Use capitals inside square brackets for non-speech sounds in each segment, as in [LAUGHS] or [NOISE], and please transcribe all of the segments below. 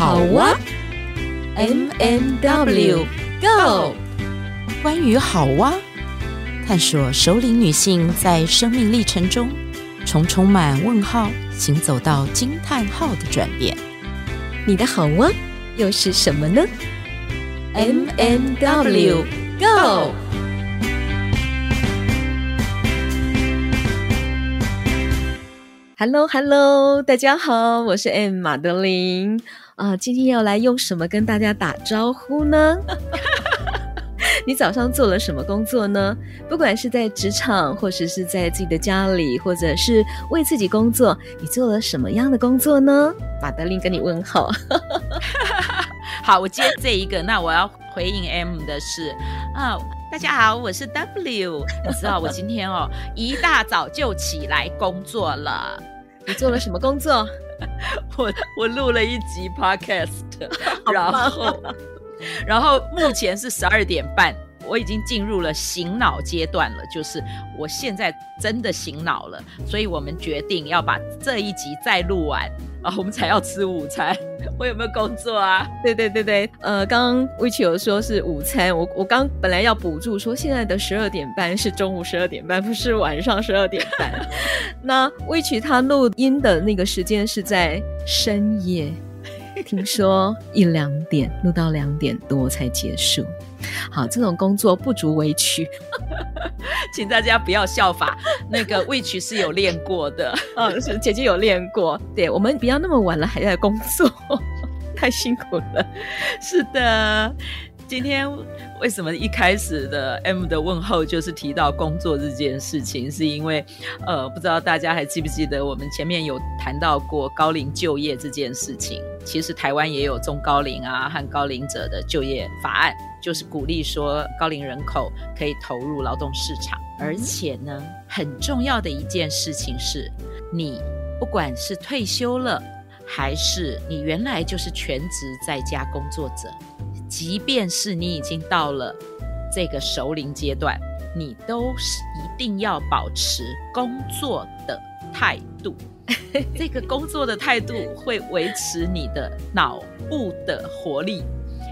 好哇，M&W Go。關於好哇，探索首領女性在生命歷程中從充滿問號行走到驚嘆號的轉變。你的好哇又是什麼呢？M&W Go。哈嘍哈嘍，大家好，我是 M 馬德琳。啊，今天要來用什麼跟大家打招呼呢？ [LAUGHS] 你早上做了什麼工作呢？不管是在職場，或者是在自己的家裡，或者是為自己工作，你做了什麼樣的工作呢？馬德林跟你問好。 [LAUGHS] [LAUGHS] 好，我接這一個，那我要回應 M 的是啊，大家好，我是 W， [LAUGHS] 你知道我今天哦一大早就起來工作了， [LAUGHS] 你做了什麼工作？ [LAUGHS] 我我錄了一集 podcast，好棒哦，然後然後目前是十二點半，我已經進入了醒腦階段了，就是我現在真的醒腦了，所以我們決定要把這一集再錄完。啊，我們才要吃午餐， [LAUGHS] 我有沒有工作啊？對對對對，呃，剛剛 Witch 有說是午餐，我我剛本來要補助，說現在的十二點半是中午十二點半，不是晚上十二點半。 [LAUGHS] 那 Witch 他錄音的那個時間是在深夜， [LAUGHS] 聽說一兩點錄到兩點多才結束。好，這種工作不足為取， [LAUGHS] 請大家不要效法。 [LAUGHS] 那個 W 是有練過的，嗯、 [LAUGHS] 哦，是姐姐有練過。對，我們不要那麼晚了還在工作， [LAUGHS] 太辛苦了。 [LAUGHS] 是的。今天為什麼一開始的 M 的問候就是提到工作這件事情？是因為，呃，不知道大家還記不記得我們前面有談到過高齡就業這件事情。其實台灣也有中高齡啊和高齡者的就業法案，就是鼓勵說高齡人口可以投入勞動市場。而且呢，很重要的一件事情是，你不管是退休了，還是你原來就是全職在家工作者。即便是你已經到了這個熟齡階段，你都是一定要保持工作的態度。 [LAUGHS] 這個工作的態度會維持你的腦部的活力，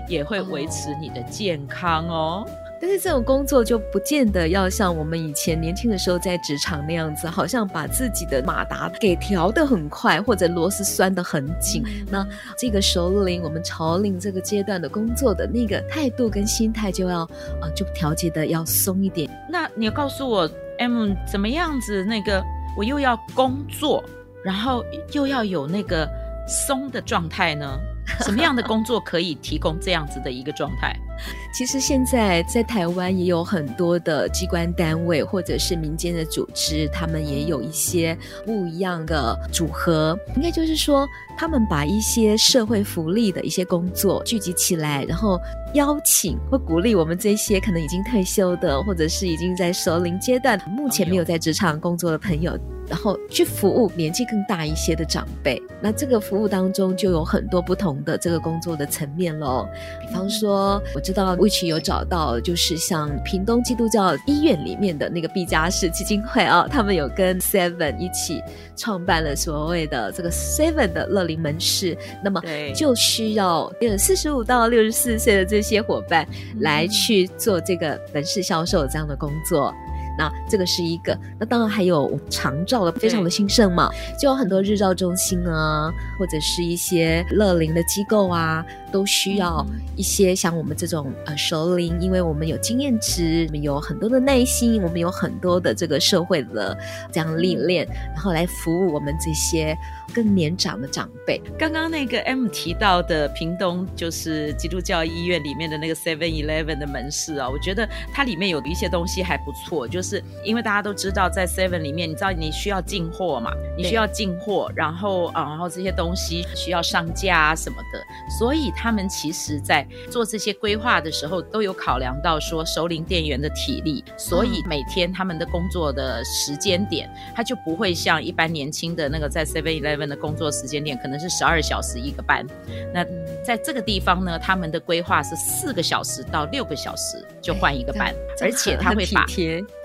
也會維持你的健康哦。但是這種工作就不見得要像我們以前年輕的時候在職場那樣子，好像把自己的馬達給調得很快，或者螺絲拴得很緊。那這個熟齡、我們潮齡這個階段的工作的那個態度跟心態就要呃就調節得要鬆一點。那你告訴我，M 怎麼樣子，那個我又要工作，然後又要有那個鬆的狀態呢？ [LAUGHS] 什麼樣的工作可以提供這樣子的一個狀態？ [LAUGHS] 其實現在在台灣也有很多的機關單位或者是民間的組織，他們也有一些不一樣的組合。應該就是說，他們把一些社會福利的一些工作聚集起來，然後邀請或鼓勵我們這些可能已經退休的，或者是已經在熟齡階段、目前沒有在職場工作的朋友，朋友。 [LAUGHS] 然後去服務年紀更大一些的長輩，那這個服務當中就有很多不同的這個工作的層面嘍。比方說，嗯、我知道 Witch 有找到，就是像屏東基督教醫院裡面的那個畢加士基金會啊，他們有跟 Seven 一起創辦了所謂的這個 Seven 的樂齡門市，那麼就需要有四十五到六十四歲的這些夥伴來去做這個門市銷售這樣的工作。嗯那、啊、這個是一個，那當然還有我們長照的非常的興盛嘛，就有很多日照中心啊，或者是一些樂齡的機構啊。都需要一些像我們這種呃熟齡，因為我們有經驗值，我們有很多的耐心，我們有很多的這個社會的這樣歷練，練，然後來服務我們這些更年長的長輩。剛剛那個 M 提到的屏東就是基督教醫院裡面的那個 Seven Eleven 的門市啊，我覺得它裡面有一些東西還不錯，就是因為大家都知道在 Seven 裡面，你知道你需要進貨嘛，你需要進貨，然後啊、嗯，然後這些東西需要上架啊什麼的，所以它。他們其實在做這些規劃的時候，都有考量到說熟齡店員的體力，所以每天他們的工作的時間點，他就不會像一般年輕的那個在 Seven Eleven 的工作時間點，可能是十二小時一個班。那在這個地方呢，他們的規劃是四個小時到六個小時就換一個班，而且他會把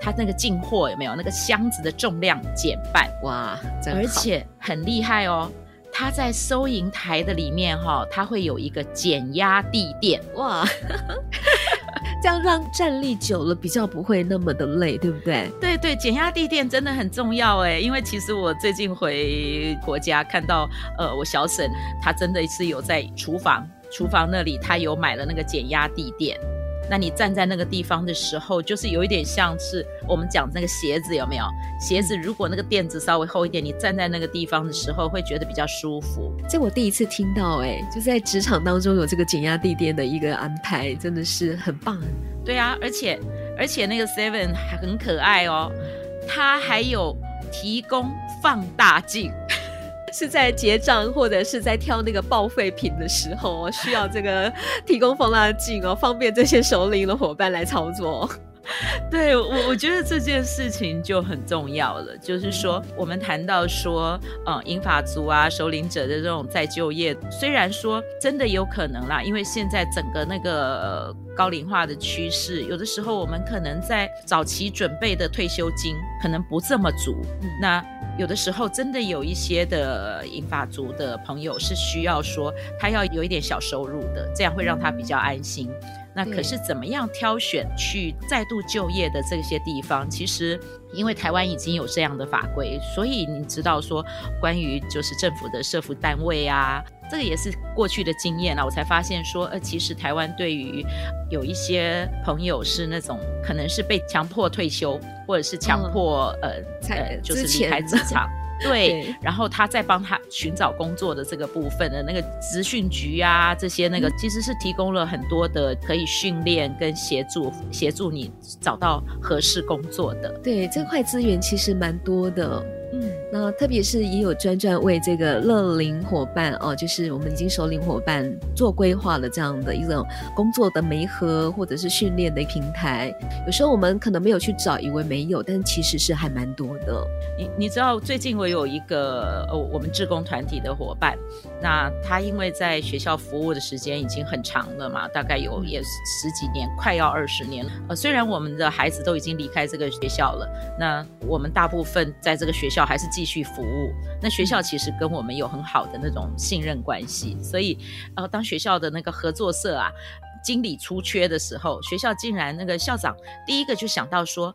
他那個進貨有沒有那個箱子的重量減半，哇，而且很厲害哦。他在收銀台的裡面哈，他會有一個減壓地墊哇， [LAUGHS] 這樣讓站立久了比較不會那麼的累，對不對？對對，減壓地墊真的很重要哎，因為其實我最近回國家看到，呃，我小嬸他真的是有在廚房廚房那裡，他有買了那個減壓地墊。那你站在那個地方的時候，就是有一點像是我們講那個鞋子有沒有？鞋子如果那個墊子稍微厚一點，你站在那個地方的時候會覺得比較舒服。這我第一次聽到，欸，哎，就在職場當中有這個減壓地墊的一個安排，真的是很棒。對啊，而且而且那個 Seven 還很可愛哦，它還有提供放大鏡。是在結賬或者是在挑那個報廢品的時候，需要這個提供放大鏡哦，方便這些熟齡的夥伴來操作。 [LAUGHS] 對我，我覺得這件事情就很重要了。 [LAUGHS] 就是說，我們談到說，嗯、呃，銀髮族啊，熟齡者的這種再就業，雖然說真的有可能啦，因為現在整個那個高齡化的趨勢，有的時候我們可能在早期準備的退休金可能不這麼足。嗯、那有的時候真的有一些的銀髮族的朋友是需要說，他要有一點小收入的，這樣會讓他比較安心。嗯那可是怎麼樣挑選去再度就業的這些地方？其實，因為台灣已經有這樣的法規，所以你知道說，關於就是政府的社福單位啊，這個也是過去的經驗了、啊。我才發現說，呃，其實台灣對於有一些朋友是那種可能是被強迫退休，或者是強迫、嗯、呃呃就是離開職場。 [LAUGHS] 對，對，然後他在幫他尋找工作的這個部分的那個職訓局啊，這些那個其實是提供了很多的可以訓練跟協助，協助你找到合適工作的。對，這塊資源其實蠻多的。那特別是也有專專為這個樂齡夥伴哦，就是我們已經熟齡夥伴做規劃了這樣的一種工作的媒合或者是訓練的平台。有時候我們可能沒有去找，以為沒有，但其實是還蠻多的。你你知道最近我有一個呃我們志工團體的夥伴，那他因為在學校服務的時間已經很長了嘛，大概有也是十幾年，快要二十年了。呃，雖然我們的孩子都已經離開這個學校了，那我們大部分在這個學校還是進，繼續服務，那學校其實跟我們有很好的那種信任關係，所以，然後、呃、當學校的那個合作社啊，經理出缺的時候，學校竟然那個校長第一個就想到說，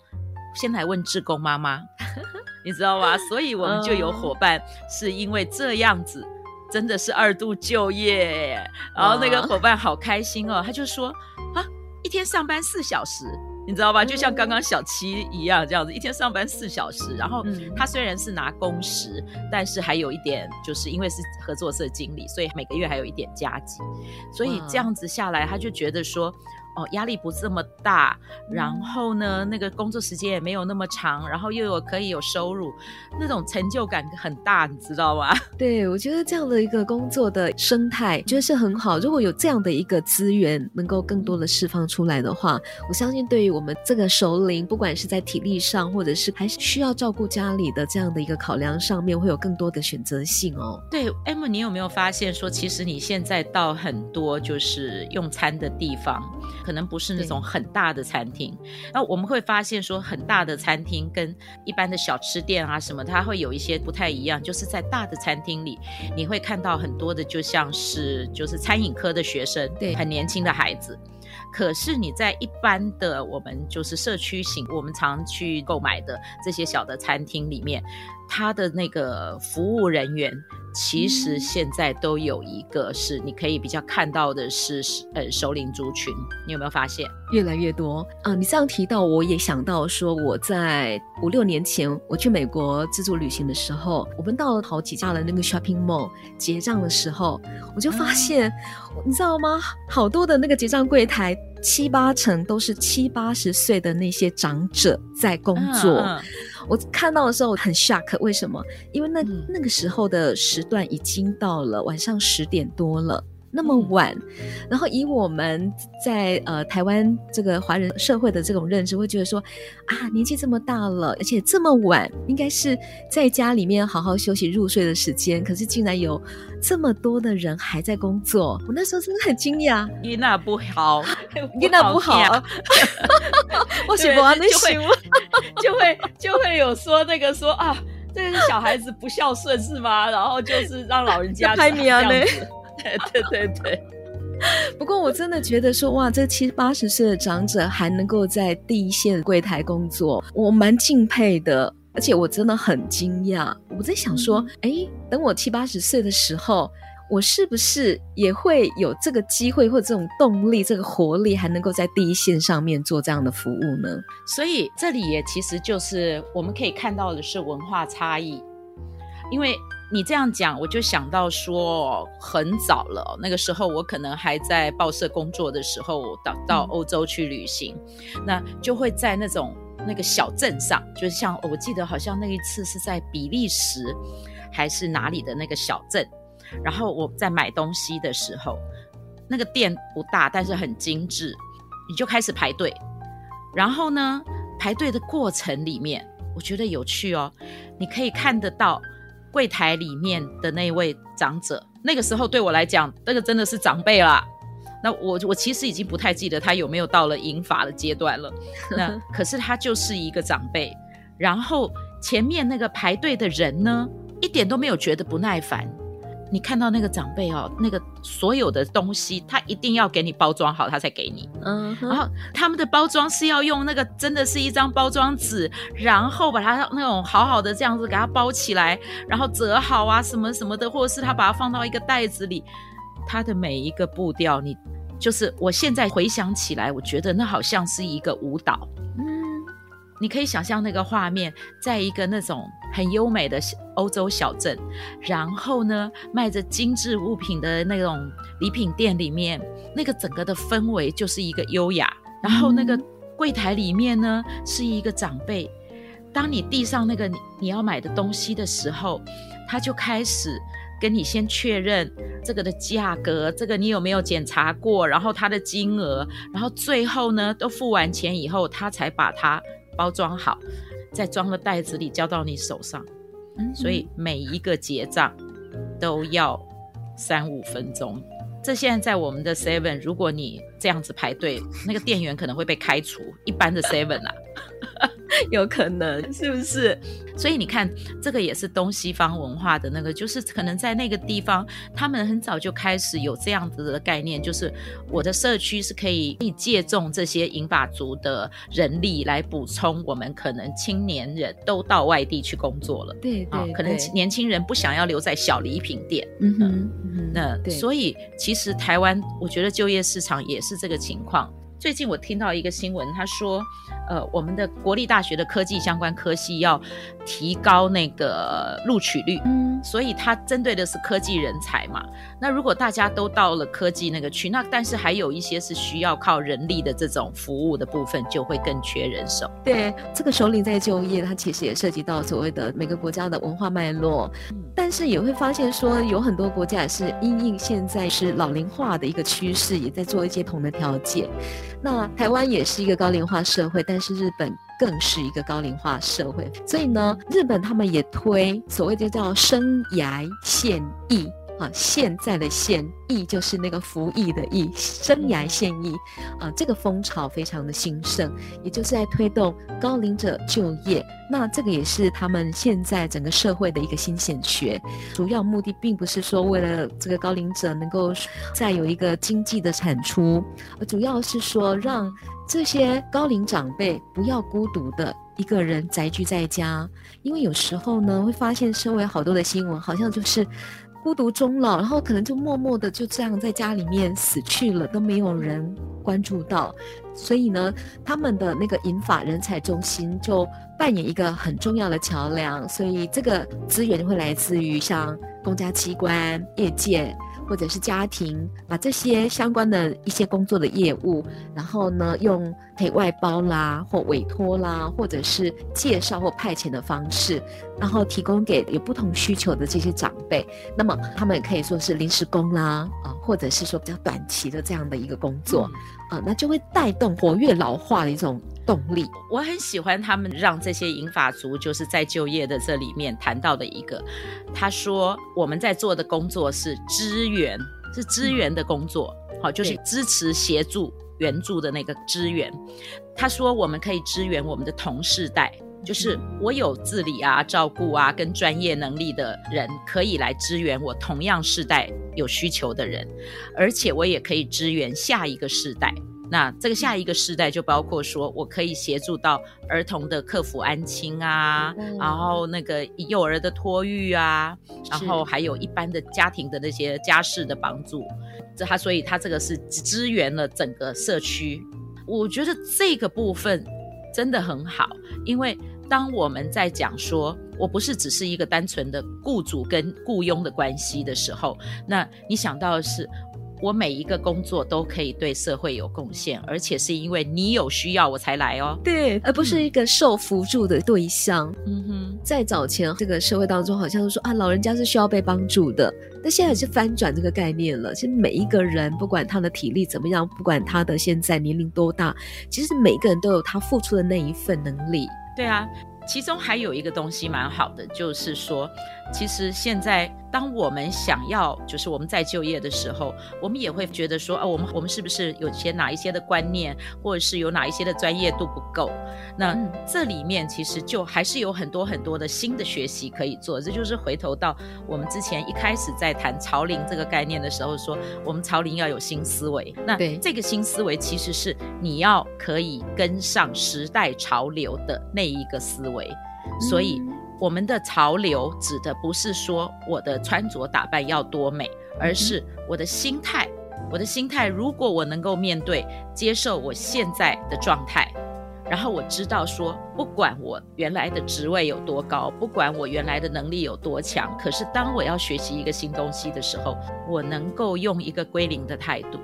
先來問志工媽媽， [LAUGHS] 你知道嗎？所以我們就有夥伴是因為這樣子，真的是二度就業，然後那個夥伴好開心哦，他就說啊，一天上班四小時。你知道吧？就像剛剛小七一樣，這樣子一天上班四小時，然後他雖然是拿工時，嗯、但是還有一點，就是因為是合作社經理，所以每個月還有一點加給。所以這樣子下來，他就覺得說。Wow. 嗯哦，壓力不是這麼大，嗯，然後呢，那個工作時間也沒有那麼長，然後又有可以有收入，那種成就感很大，你知道嗎？對，我覺得這樣的一個工作的生態，覺得是很好。如果有這樣的一個資源能夠更多的釋放出來的話，我相信對於我們這個熟齡，不管是在體力上，或者是還是需要照顧家裡的這樣的一個考量上面，會有更多的選擇性哦。對，M，你有沒有發現說，其實你現在到很多就是用餐的地方？可能不是那種很大的餐廳，那我們會發現說，很大的餐廳跟一般的小吃店啊什麼，它會有一些不太一樣。就是在大的餐廳裡，你會看到很多的，就像是就是餐飲科的學生，對，很年輕的孩子。可是你在一般的我們就是社區型，我們常去購買的這些小的餐廳裡面，他的那個服務人員。其實現在都有一個，是你可以比較看到的是，呃，熟齡族群，你有沒有發現越來越多啊？你這樣提到，我也想到說，我在五六年前我去美國自助旅行的時候，我們到了好幾家的那個 shopping mall，結賬的時候，嗯，我就發現，嗯，你知道嗎？好多的那個結賬櫃檯，七八成都是七八十歲的那些長者在工作。嗯我看到的時候，我很 shock，為什麼？因為那那個時候的時段已經到了晚上十點多了。那麼晚，然後以我們在呃台灣這個華人社會的這種認知，會覺得說啊，年紀這麼大了，而且這麼晚，應該是在家裡面好好休息入睡的時間。可是竟然有這麼多的人還在工作，我那時候真的很驚訝。伊娜不好，伊 [LAUGHS] 娜不好、啊，我媳婦那你媳就會就會，就會有說那個說啊，這個是 [LAUGHS] 小孩子不孝順是嗎？然後就是讓老人家這樣子 [LAUGHS] 對對對對，不過我真的覺得說哇，這七八十歲的長者還能夠在第一線櫃台工作，我蠻敬佩的。而且我真的很驚訝，我在想說，哎、嗯，等我七八十歲的時候，我是不是也會有這個機會或者這種動力、這個活力，還能夠在第一線上面做這樣的服務呢？所以這裡也其實就是我們可以看到的是文化差異，因為。你這樣講，我就想到說，很早了，那個時候我可能還在報社工作的時候，我到到歐洲去旅行，那就會在那種那個小鎮上，就是像、哦、我記得好像那一次是在比利時還是哪裡的那個小鎮，然後我在買東西的時候，那個店不大，但是很精緻，你就開始排隊，然後呢，排隊的過程裡面，我覺得有趣哦，你可以看得到。櫃檯裡面的那位長者，那個時候對我來講，那個真的是長輩啦。那我我其實已經不太記得他有沒有到了銀髮的階段了。那可是他就是一個長輩。然後前面那個排隊的人呢，一點都沒有覺得不耐煩。你看到那個長輩哦，那個所有的東西，他一定要給你包裝好，他才給你。嗯，然後他們的包裝是要用那個，真的是一張包裝紙，然後把它那種好好的這樣子給它包起來，然後折好啊，什麼什麼的，或者是他把它放到一個袋子裡，他的每一個步調你，你就是我現在回想起來，我覺得那好像是一個舞蹈。嗯。你可以想象那個畫面，在一個那種很優美的歐洲小鎮，然後呢，賣着精緻物品的那種禮品店裡面，那個整個的氛圍就是一個優雅。然後那個櫃檯裡面呢，是一個長輩，當你遞上那個你要買的東西的時候，他就開始跟你先確認這個的價格，這個你有沒有檢查過，然後他的金額，然後最後呢，都付完錢以後，他才把它。包裝好，再裝的袋子裡交到你手上。嗯，所以每一個結賬都要三五分鐘。這現在在我們的 Seven，如果你這樣子排隊，那個店員可能會被開除。 [LAUGHS] 一般的 Seven 啊。 [LAUGHS] [LAUGHS] 有可能是不是？ [LAUGHS] 所以你看，這個也是東西方文化的那個，就是可能在那個地方，他們很早就開始有這樣子的概念，就是我的社區是可以可以借重這些銀髮族的人力來補充我們可能青年人都到外地去工作了，對啊、哦，可能年輕人不想要留在小禮品店，嗯哼，嗯哼，嗯哼，那，對。所以其實台灣，我覺得就業市場也是這個情況。最近我聽到一個新聞，他說，呃，我們的國立大學的科技相關科系要提高那個錄取率，嗯，所以它針對的是科技人才嘛。那如果大家都到了科技那個區，那但是還有一些是需要靠人力的這種服務的部分，就會更缺人手。對，這個生涯現役在就業，它其實也涉及到所謂的每個國家的文化脈絡。但是也會發現說，有很多國家也是因應現在是老齡化的一個趨勢，也在做一些同的調節。那台灣也是一個高齡化社會，但是日本。更是一個高齡化社會，所以呢，日本他們也推所謂就叫生涯現役。啊，現在的現役就是那個服役的役，生涯現役啊，這個風潮非常的興盛，也就是在推動高齡者就業。那這個也是他們現在整個社會的一個新鮮學，主要目的並不是說為了這個高齡者能夠再有一個經濟的產出，而主要是說讓這些高齡長輩不要孤獨的一個人宅居在家，因為有時候呢會發現周圍好多的新聞，好像就是。孤獨終老，然後可能就默默地就這樣在家裡面死去了，都沒有人關注到。所以呢，他們的那個銀髮人才中心就扮演一個很重要的橋樑，所以這個資源就會來自於像公家機關、業界。或者是家庭把、啊、這些相關的一些工作的業務，然後呢，用可以外包啦，或委托啦，或者是介紹或派遣的方式，然後提供給有不同需求的這些長輩，那麼他們也可以說是臨時工啦，啊、呃，或者是說比較短期的這樣的一個工作，啊、嗯呃，那就會帶動活躍老化的一種。動力，我很喜歡他們讓這些銀髮族就是在就業的這裡面談到的一個。他說我們在做的工作是支援，是支援的工作，好、嗯哦，就是支持、協助、援助的那個支援。他說我們可以支援我們的同世代，就是我有自理啊、照顧啊、跟專業能力的人，可以來支援我同樣世代有需求的人，而且我也可以支援下一個世代。那這個下一個世代就包括說，我可以協助到兒童的克服安親啊、嗯，然後那個幼兒的托育啊，然後還有一般的家庭的那些家事的幫助，這他所以他這個是支援了整個社區。我覺得這個部分真的很好，因為當我們在講說，我不是只是一個單純的僱主跟僱傭的關係的時候，那你想到的是。我每一個工作都可以對社會有貢獻，而且是因為你有需要我才來哦，對，嗯、而不是一個受扶助的對象。嗯哼，在早前這個社會當中，好像說啊，老人家是需要被幫助的，但現在也是翻轉這個概念了。其實每一個人，不管他的體力怎麼樣，不管他的現在年齡多大，其實每個人都有他付出的那一份能力。對啊。其中還有一個東西蠻好的，就是說，其實現在當我們想要，就是我們在就業的時候，我們也會覺得說，哦、啊，我們我們是不是有些哪一些的觀念，或者是有哪一些的專業度不夠？那這裡面其實就還是有很多很多的新的學習可以做。這就是回頭到我們之前一開始在談“潮齡”這個概念的時候說，說我們“潮齡”要有新思維。那對這個新思維，其實是你要可以跟上時代潮流的那一個思維。 [NOISE] 所以，我們的潮流指的不是說我的穿着打扮要多美，而是我的心態。我的心態，如果我能夠面對、接受我現在的狀態，然後我知道說，不管我原來的職位有多高，不管我原來的能力有多強，可是當我要學習一個新東西的時候，我能夠用一個歸零的態度，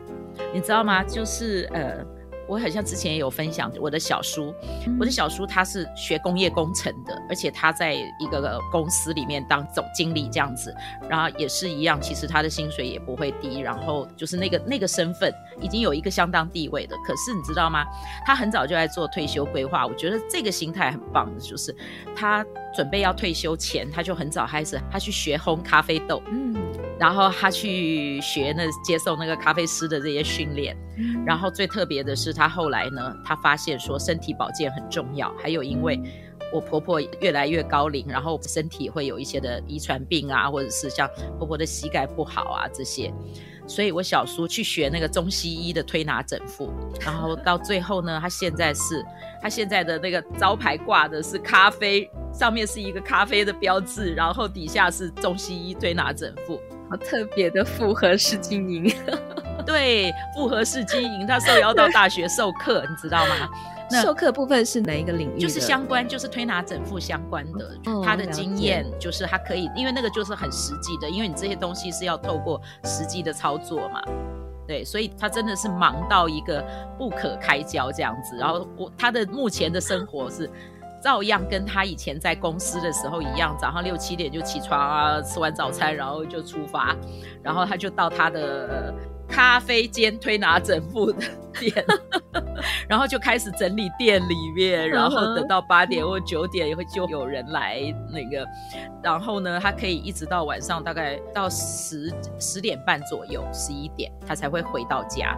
你知道嗎？就是呃。我好像之前也有分享，我的小叔，嗯，我的小叔他是學工業工程的，而且他在一個個公司裡面當總經理這樣子，然後也是一樣，其實他的薪水也不會低，然後就是那個那個身份已經有一個相當地位的。可是你知道嗎？他很早就在做退休規劃，我覺得這個心態很棒的，就是他準備要退休前，他就很早開始他去學烘咖啡豆，嗯。然後他去學那接受那個咖啡師的這些訓練，然後最特別的是他後來呢，他發現說身體保健很重要，還有，因為我婆婆越來越高齡，然後身體會有一些的遺傳病啊，或者是像婆婆的膝蓋不好啊這些，所以我小叔去學那個中西醫的推拿整復，然後到最後呢，他現在是他現在的那個招牌掛的是咖啡，上面是一個咖啡的標誌，然後底下是中西醫推拿整復。好特別的複合式經營， [LAUGHS] 對，複合式經營，他受邀到大學授課， [LAUGHS] 你知道嗎？那授課部分是哪一個領域？就是相關，就是推拿整復相關的。嗯、他的經驗就是他可以、嗯，因為那個就是很實際的，因為你這些東西是要透過實際的操作嘛。對，所以他真的是忙到一個不可開交這樣子。然後我他的目前的生活是。嗯嗯照樣跟他以前在公司的時候一樣，早上六七點就起床啊，吃完早餐然後就出發，然後他就到他的咖啡間推拿整復店， [LAUGHS] [LAUGHS] 然後就開始整理店裡面，然後等到八點或九點也會就有人來那個，然後呢，他可以一直到晚上大概到十十點半左右十一點，他才會回到家，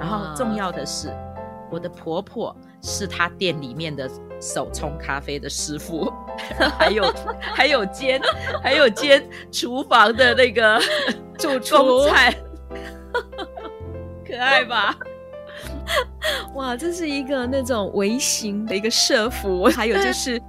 然後重要的是。嗯我的婆婆是她店裡面的手沖咖啡的師傅， [LAUGHS] 還有 [LAUGHS] 還有兼間， [LAUGHS] 還有兼廚房的那個主廚，菜， [LAUGHS] 可愛吧？ [LAUGHS] 哇，這是一個那種微型的一個社福，還有就是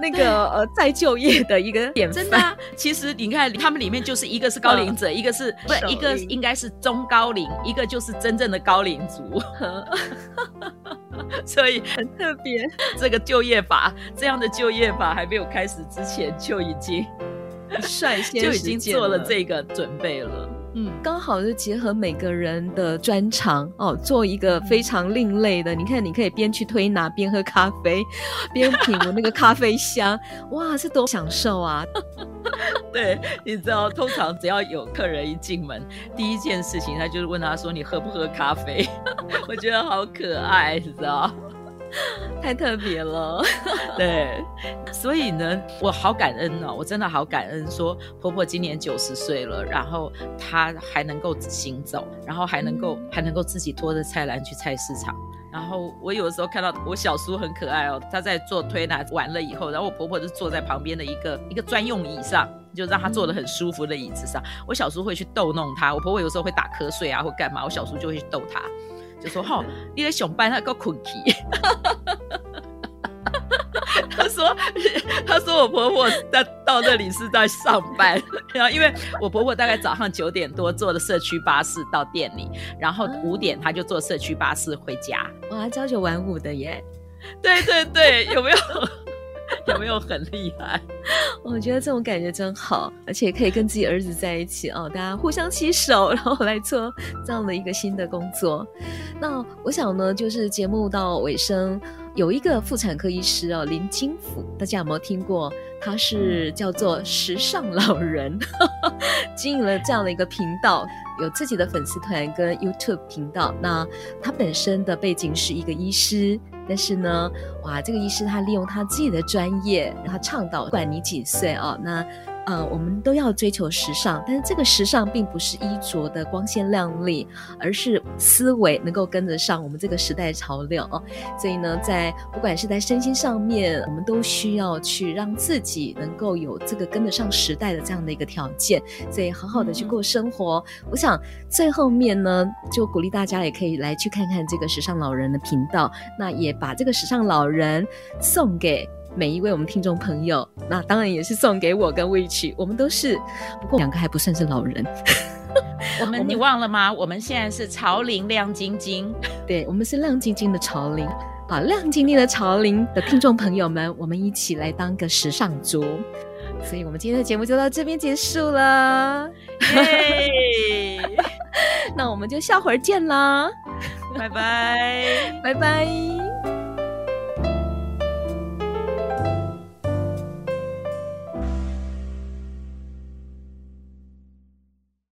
那個呃再就業的一個典範。真的、啊，其實你看他們裡面就是一個是高齡者、嗯，一個是不是一個應該是中高齡，一個就是真正的高齡族呵呵呵呵。所以很特別，這個就業法這樣的就業法還沒有開始之前就已經率先就已經做了這個準備了。嗯，剛好就結合每個人的專長哦，做一個非常另類的。你看，你可以邊去推拿邊喝咖啡，邊品我那個咖啡香， [LAUGHS] 哇，是多享受啊！ [LAUGHS] 對，你知道，通常只要有客人一進門，第一件事情他就是問他說你喝不喝咖啡？ [LAUGHS] 我覺得好可愛，你知道。太特別了， [LAUGHS] 對，所以呢，我好感恩哦，我真的好感恩。說婆婆今年九十歲了，然後她還能夠行走，然後還能夠還能夠自己拖着菜籃去菜市場。然後我有的時候看到我小叔很可愛哦，他在做推拿完了以後，然後我婆婆就坐在旁邊的一個一個專用椅上，就讓她坐得很舒服的椅子上。我小叔會去逗弄她，我婆婆有時候會打瞌睡啊，或幹嘛，我小叔就會去逗她。就說：“哈、哦，你在上班還是在困？”他說：“他說我婆婆在 [LAUGHS] 到這裡是在上班，然後因為我婆婆大概早上九點多坐的社區巴士到店裡，然後五點她就坐社區巴士回家。我還朝九晚五的耶！對對對，有沒有 [LAUGHS] ？” [LAUGHS] 有沒有很厲害？ [LAUGHS] 我覺得這種感覺真好，而且可以跟自己兒子在一起哦，大家互相洗手，然後來做這樣的一個新的工作。那我想呢，就是節目到尾聲，有一個婦產科醫師哦，林經甫，大家有沒有聽過？他是叫做時尚老人，嗯、 [LAUGHS] 經營了這樣的一個頻道，有自己的粉絲團跟 YouTube 頻道。那他本身的背景是一個醫師。但是呢，哇，這個醫師他利用他自己的專業，讓他倡導，不管你幾歲哦，那。呃，我們都要追求時尚，但是這個時尚並不是衣着的光鮮亮麗，而是思維能夠跟得上我們這個時代潮流哦。所以呢，在不管是在身心上面，我們都需要去讓自己能夠有這個跟得上時代的這樣的一個條件。所以好好的去過生活。嗯、我想最後面呢，就鼓勵大家也可以來去看看這個時尚老人的頻道，那也把這個時尚老人送給。每一位我們聽眾朋友，那當然也是送給我跟 Witch，我們都是，不過兩個還不算是老人。 [LAUGHS] 我們你忘了嗎？我們現在是潮齡亮晶晶， [LAUGHS] 對，我們是亮晶晶的潮齡。好，亮晶晶的潮齡的聽眾朋友們，我們一起來當個時尚族。 [LAUGHS] 所以我們今天的節目就到這邊結束了，嘿 [LAUGHS] Yay !， [LAUGHS] 那我們就下回兒見啦，拜 [LAUGHS] 拜，拜拜。